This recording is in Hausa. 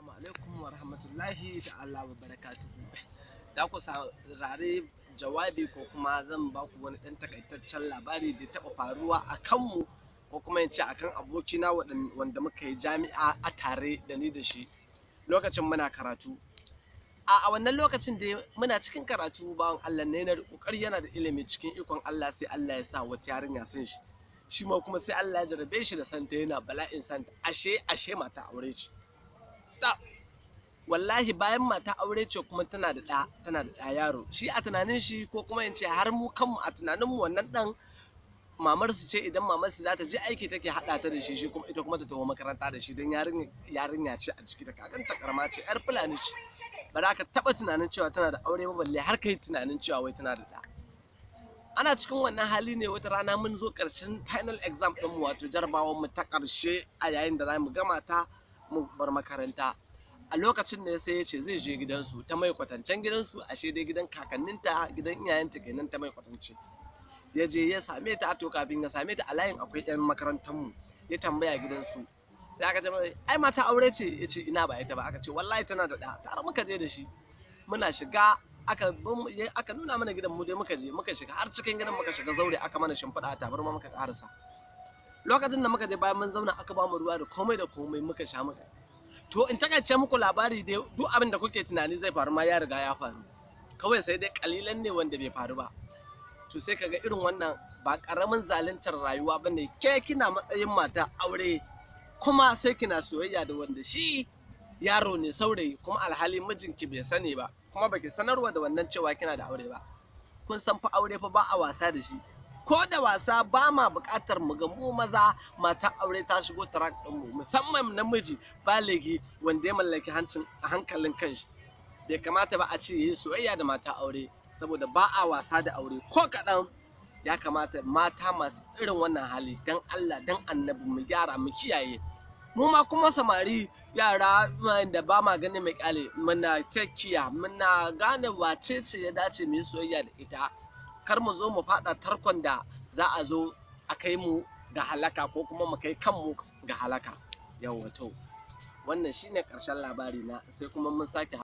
Assalamu alaikum wa rahmatullahi da Allah wa barakatuhu. Da ku saurare jawabi ko kuma zan ba ku wani ɗan takaitaccen labari da taɓa faruwa a kanmu ko kuma in ce a kan abokina wanda muka yi jami'a a tare da ni da shi lokacin muna karatu. A wannan lokacin da muna cikin karatu bawan Allah ne na ƙoƙari yana da ilimi cikin ikon Allah sai Allah ya sa wata yarinya san shi. Shi ma kuma sai Allah ya jarabe shi da santa yana bala'in santa ashe ashe mata aure ce. ta wallahi bayan mata aure ce kuma tana da ɗa tana da yaro shi a tunanin shi ko kuma in ce har mu kanmu a tunanin mu wannan dan mamar su ce idan mamar su za ta je aiki take haɗa ta da shi shi kuma ita kuma ta taho makaranta da shi don yarinya ce a ciki ta kakan takarma ce yar fulani ce ba za ka taɓa tunanin cewa tana da aure ba balle har kai tunanin cewa wai tana da ɗa ana cikin wannan hali ne wata rana mun zo karshen final exam ɗinmu wato jarabawar mu ta karshe a yayin da za mu gama ta mu bar makaranta a lokacin da sai ya ce zai je gidansu ta mai kwatancen gidansu ashe dai gidan kakanninta gidan iyayenta kenan ta mai kwatance ya je ya same ta to kafin ya same ta a layin akwai yan makarantar mu ya tambaya gidansu sai aka ce ai mata aure ce ya ce ina ba ita ba aka ce wallahi tana da da tare muka je da shi muna shiga aka aka nuna mana gidan mu dai muka je muka shiga har cikin gidan muka shiga zaure aka mana shimfiɗa a tabarma muka karasa lokacin da muka je bayan mun zauna aka ba mu ruwa da komai da komai muka sha muka to in takaice muku labari dai duk abin da kuke tunani zai faru ma ya riga ya faru kawai sai dai kalilan ne wanda bai faru ba to sai kaga irin wannan ba karamin zaluntar rayuwa ba ne ke kina matsayin mata aure kuma sai kina soyayya da wanda shi yaro ne saurayi kuma alhali mijinki bai sani ba kuma baki sanarwa da wannan cewa kina da aure ba kun san fa aure fa ba a wasa da shi ko da wasa ba ma bukatar mu ga mu maza mata aure ta shigo track din mu musamman namiji baligi wanda ya mallaki hancin hankalin kanshi bai kamata ba a ce yayi soyayya da mata aure saboda ba a wasa da aure ko kaɗan ya kamata mata masu irin wannan hali dan Allah dan annabi mu gyara mu kiyaye mu ma kuma samari yara da ba ma gani mai kyale muna cakkiya muna gane wace ce ya dace mu soyayya da ita kar mu zo mu faɗa tarkon da za a zo a kai mu ga halaka ko kuma mu kai kanmu ga halaka yawwa to wannan shine ƙarshen labari na sai kuma mun sake